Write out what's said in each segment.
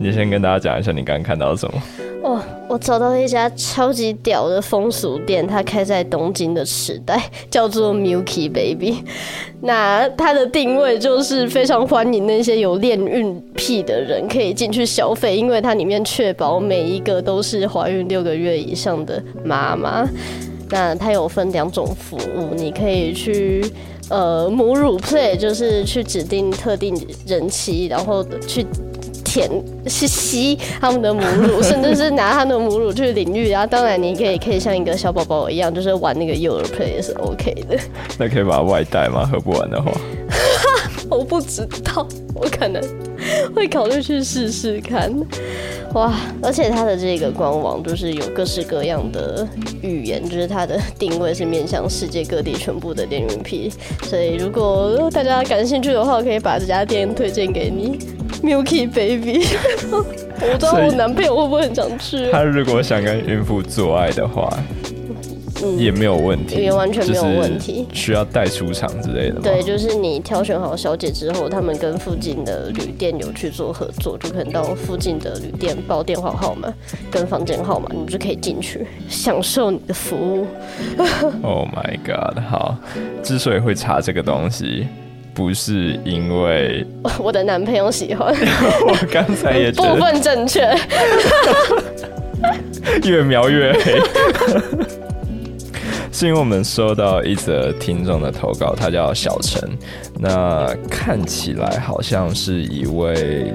你先跟大家講一下你剛剛看到了什麼？哦，我找到一家超級屌的風俗店，它開在東京的時代，叫做 Milky Baby。那它的定位就是非常歡迎那些有戀孕癖的人可以進去消費，因為它裡面確保每一個都是懷孕六個月以上的媽媽。那它有分兩種服務，你可以去呃母乳 play，就是去指定特定人妻，然後去。舔是吸，吸他們的母乳，甚至是拿他們的母乳去淋浴， 然後當然你可以可以像一個小寶寶一樣，就是玩那個幼兒 play 是 OK 的。那可以把它外帶嗎？喝不完的話？ 我不知道，我可能會考慮去試試看。哇，而且它的這個官網就是有各式各樣的語言，就是它的定位是面向世界各地全部的戀孕癖，所以如果大家感興趣的話，可以把這家店推薦給你。Milky Baby， 我不知道我男朋友會不會很想去。啊？他如果想跟孕婦做愛的話、嗯，也沒有問題，也完全沒有問題。就是、需要帶出場之類的嗎？對，就是你挑選好小姐之後，他們跟附近的旅店有去做合作，就可以到附近的旅店報電話號碼跟房間號碼，你就可以進去享受你的服務。 Oh my God！好，之所以會查這個東西。不是因為我的男朋友喜歡，我剛才也部分正確，越描越黑。是因為我們收到一則聽眾的投稿，他叫小陳，那看起來好像是一位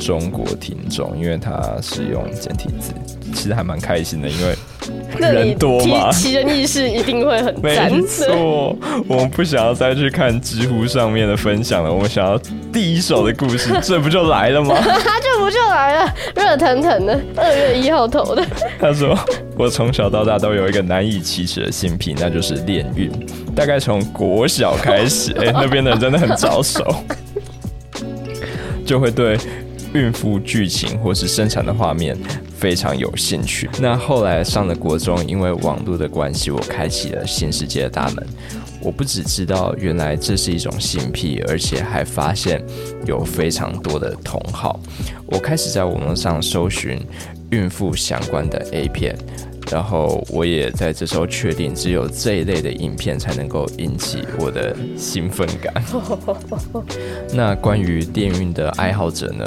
中國聽眾，因為他是用簡體字，其實還蠻開心的，因為。人多嘛，奇人異事一定會很多。沒錯，我們不想要再去看知乎上面的分享了，我們想要第一手的故事， 這不就來了嗎？ 這不就來了，熱騰騰的二月一號投的。的 他說：“我從小到大都有一個難以啟齒的心病，那就是戀孕。大概從國小開始，哎、 欸，那邊的人真的很早熟， 就會對。”孕婦劇情或是生產的畫面非常有興趣。那後來上了國中，因為網絡的關係，我開啟了新世界的大門。我不只知道原來這是一種性癖，而且還發現有非常多的同好。我開始在網絡上搜尋孕婦相關的 A 片。然後我也在這時候確定，只有這一類的影片，才能夠引起我的興奮感。 那關於戀孕的愛好者呢？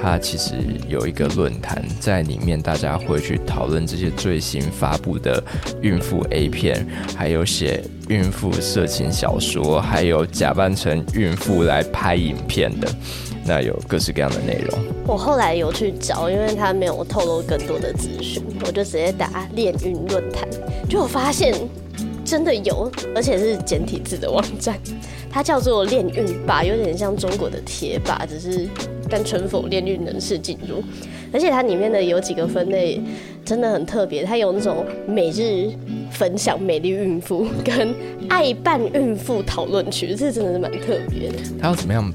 他其實有一個論壇，在裡面大家會去討論這些最新發布的孕婦 A 片，還有寫孕婦色情小說，還有假扮成孕婦來拍影片的。那有各式各樣的內容。我後來有去找，因為他沒有透露更多的資訊，我就直接打戀孕論壇，就我發現真的有，而且是簡體字的網站，它叫做戀孕吧，有點像中國的貼吧，只是單純否戀孕人士進入，而且它裡面的有幾個分類真的很特別，它有那種每日分享美麗孕婦跟愛扮孕婦討論區，這真的是蠻特別的。它要怎麼樣？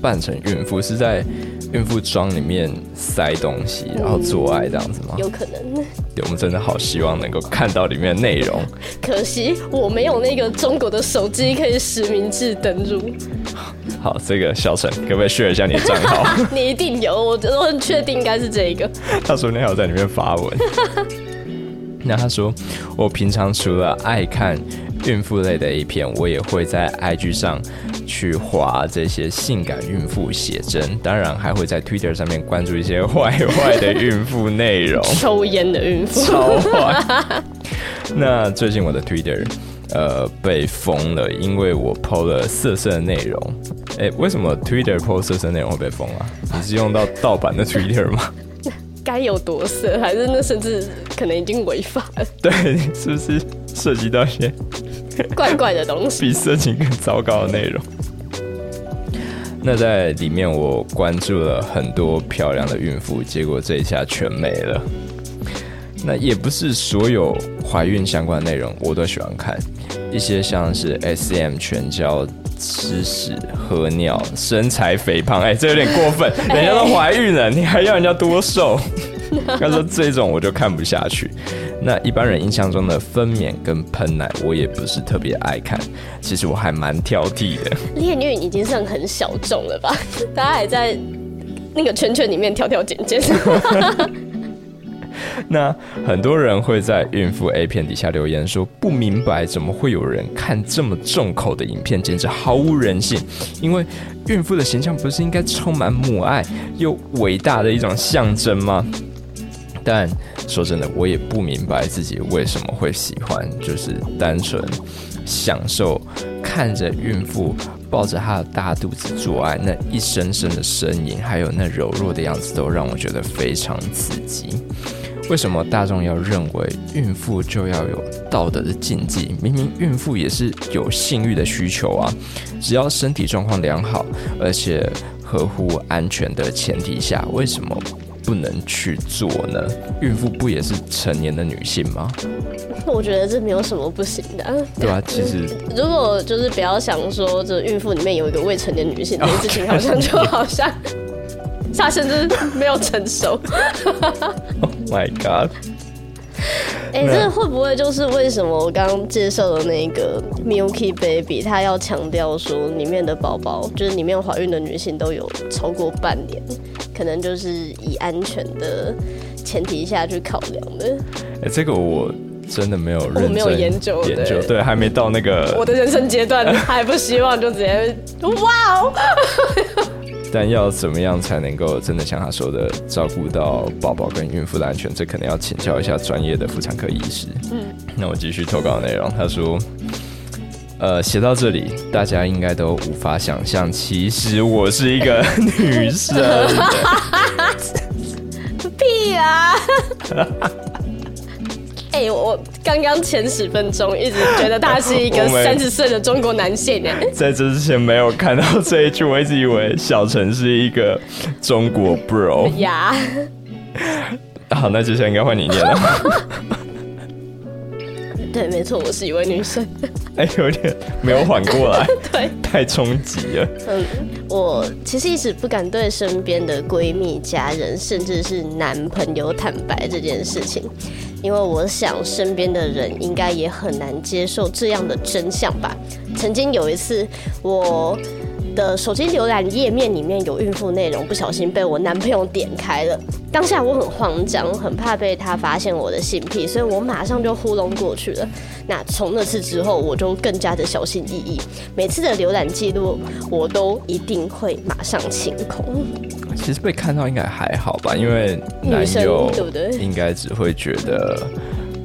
扮成孕婦是在孕婦裝裡面塞東西，然後做愛這樣子嗎？嗯、有可能。對，我們真的好希望能夠看到裡面的內容。可惜我沒有那個中國的手機可以實名制登錄。 好，這個小陳可不可以 share 一下你的賬號？ 你一定有，我覺得我很確定應該是這一個。 他說你還有在裡面發文。 那他說我平常除了愛看。孕婦類的 A 片，我也會在 IG 上去滑這些性感孕婦寫真，當然還會在 Twitter 上面關注一些壞壞的孕婦內容，抽煙的孕婦，超壞。 那最近我的 Twitter 呃被封了，因為我 PO 了色色的內容。哎、欸，為什麼 Twitter PO 色色的內容會被封啊？你是用到盜版的 Twitter 嗎？該有多色，還是那甚至可能已經違法了？對，是不是涉及到一些？怪怪的東西，比色情更糟糕的內容。那在裡面，我關注了很多漂亮的孕婦，結果這一下全沒了。那也不是所有懷孕相關內容我都喜歡看，一些像是 SM 拳交、吃屎、喝尿、身材肥胖，哎、欸，這有點過分， 人家都懷孕了， 你還要人家多瘦？但 是這種我就看不下去。那一般人印象中的分娩跟噴奶，我也不是特別愛看。其實我還蠻挑剔的。戀孕已經算很小眾了吧？大家還在那個圈圈裡面挑挑揀揀。 那很多人會在孕婦 A 片底下留言說，不明白怎麼會有人看這麼重口的影片，簡直毫無人性。因為孕婦的形象不是應該充滿母愛又偉大的一種象徵嗎？但說真的，我也不明白自己為什麼會喜歡，就是單純享受看着孕婦抱着她的大肚子做愛，那一聲聲的呻吟，還有那柔弱的樣子，都讓我覺得非常刺激。為什麼大眾要認為孕婦就要有道德的禁忌？明明孕婦也是有性慾的需求啊！只要身體狀況良好，而且合乎安全的前提下，為什麼？不能去做呢？孕婦不也是成年的女性嗎？我覺得這沒有什麼不行的、啊。對啊，其實如果就是比較想說，這孕婦裡面有一個未成年女性，這件事情、Okay. 好像就好像 她甚至沒有成熟。 Oh my god！哎、欸，這會不會就是為什麼我剛剛介紹的那個 Milky Baby，她要強調說裡面的寶寶，就是裡面懷孕的女性都有超過半年，可能就是以安全的前提下去考量的。哎、欸，這個我真的沒有認真研究，我沒有研究，研究，對，還沒到那個我的人生階段，還不希望就直接哇哦。 Wow ! 但要怎麼樣才能夠真的像他說的照顧到寶寶跟孕婦的安全？這可能要請教一下專業的婦產科醫師。嗯，那我繼續投稿內容。他說：“呃，寫到這裡，大家應該都無法想象，其實我是一個 女生。 ”屁啊！哎、 欸、我。剛剛前十分鐘一直覺得他是一個三十歲的中國男性呢，在這之前沒有看到這一句，我一直以為小陳是一個中國 bro。哎、呀，好，那接下來應該換你念了。 對，沒錯，我是一位女生。 哎，有點沒有緩過來，對， 對，太衝擊了。嗯，我其實一直不敢對身邊的閨蜜、家人，甚至是男朋友坦白這件事情，因為我想身邊的人應該也很難接受這樣的真相吧。曾經有一次，我的手機瀏覽頁面裡面有孕婦內容，不小心被我男朋友點開了。當下我很慌張，很怕被他發現我的性癖，所以我馬上就糊弄過去了。那從那次之後，我就更加的小心翼翼，每次的瀏覽記錄我都一定會馬上清空。其實被看到應該還好吧，因為男友對不對？應該只會覺得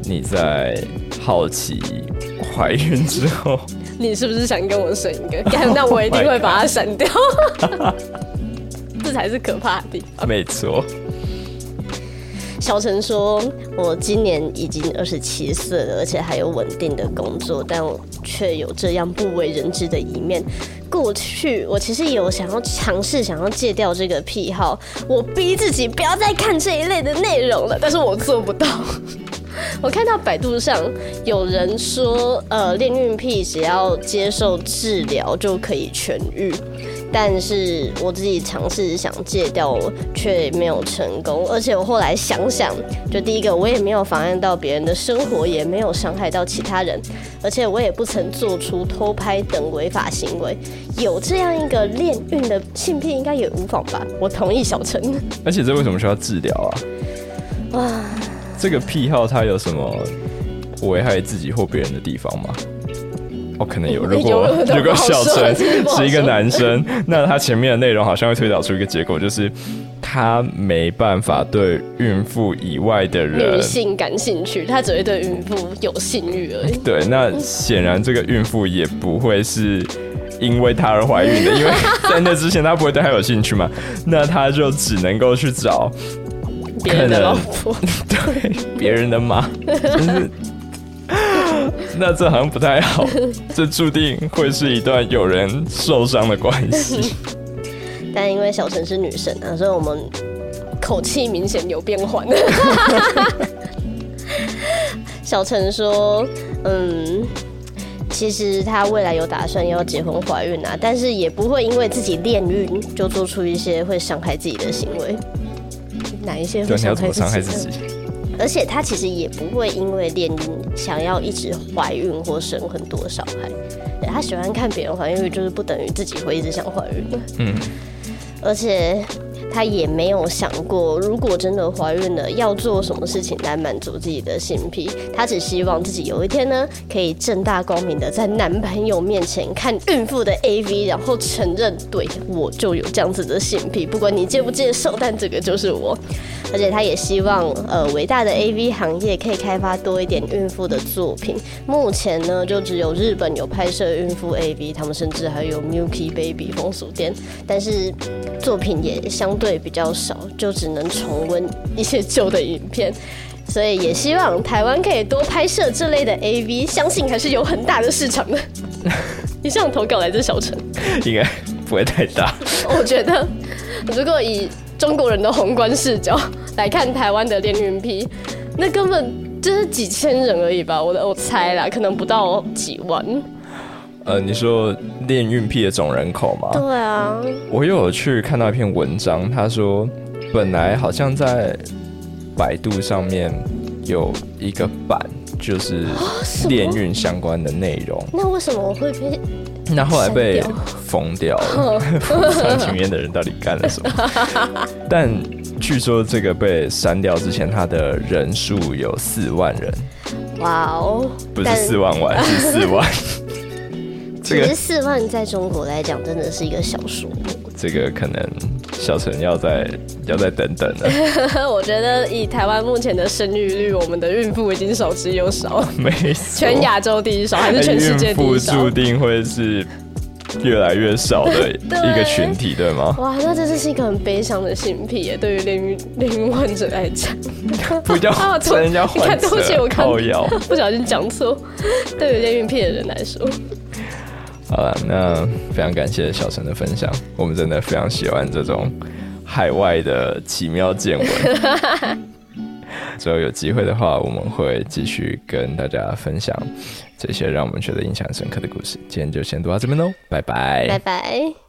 你在好奇懷孕之後。你是不是想跟我生一個？Yeah, oh, 那我一定會把它刪掉。 這才是可怕的。沒錯。小陳說：“我今年已經二十七歲了，而且還有穩定的工作，但我卻有這樣不為人知的一面。過去我其實有想要嘗試想要戒掉這個癖好，我逼自己不要再看這一類的內容了，但是我做不到。”我看到百度上有人說，呃，戀孕癖只要接受治療就可以痊癒，但是我自己嘗試想戒掉我，卻沒有成功。而且我後來想想，就第一個我也沒有妨礙到別人的生活，也沒有傷害到其他人，而且我也不曾做出偷拍等違法行為。有這樣一個戀孕的性癖，應該也無妨吧？我同意小陳。而且這為什麼需要治療啊？哇！這個癖好他有什麼危害自己或別人的地方嗎？哦，可能有。如果、欸、如果小陳是一個男生，那他前面的內容好像會推導出一個結果，就是他沒辦法對孕婦以外的人女性感興趣，他只會對孕婦有性慾而已。對，那顯然這個孕婦也不會是因為他而懷孕的， 因為在那之前他不會對他有興趣嘛，那他就只能夠去找。別人的老婆，對別人的媽，就 是，那這好像不太好，這注定會是一段有人受傷的關係。 但因為小陳是女生啊，所以我們口氣明顯有變化。 小陳說：“嗯，其實她未來有打算要結婚懷孕啊，但是也不會因為自己戀孕就做出一些會傷害自己的行為。”哪一些會傷害，害自己？而且他其實也不會因為戀想要一直懷孕或生很多小孩，對他喜歡看別人懷孕、嗯，就是不等於自己會一直想懷孕。嗯，而且。她也沒有想過，如果真的懷孕了，要做什麼事情來滿足自己的性癖。她只希望自己有一天呢，可以正大光明的在男朋友面前看孕婦的 AV，然後承認對我就有這樣子的性癖。不管你接不接受，但這個就是我。而且她也希望，呃，偉大的 AV 行業可以開發多一點孕婦的作品。目前呢，就只有日本有拍攝孕婦 AV，他們甚至還有 Milky Baby 風俗店，但是作品也相對對比較少，就只能重溫一些舊的影片，所以也希望台灣可以多拍攝這類的 AV，相信還是有很大的市場的。 你上投稿來自小城，應該不會太大。 我覺得，如果以中國人的宏觀視角來看台灣的戀孕癖，那根本就是幾千人而已吧？我的我猜啦，可能不到幾萬。呃，你說戀孕癖的總人口嗎？對啊，我又有去看到一篇文章，他說本來好像在百度上面有一個版，就是戀孕相關的內容。那為什麼會被？那後來被封掉了？上情緣的人到底幹了什麼？ 但據說這個被刪掉之前，他的人數有四萬人。哇哦，不是四萬萬，是四萬。 這個、其實四萬在中國來講，真的是一個小數目。這個可能小陳要再要再等等了。 我覺得以台灣目前的生育率，我們的孕婦已經少之又少，沒全亞洲第一少，還是全世界第一少？孕婦注定會是越來越少的一個群體， 對，對嗎？哇，那這是一個很悲傷的性癖，對於戀孕戀孕患者來講，不要成人家患者。抱 歉、啊，看我口誤不小心講錯，對於戀孕癖的人來說。好了，那非常感謝小陳的分享，我們真的非常喜歡這種海外的奇妙見聞。所 以有機會的話，我們會繼續跟大家分享這些讓我們覺得印象深刻的故事。今天就先讀到這邊嘍，拜拜，拜拜。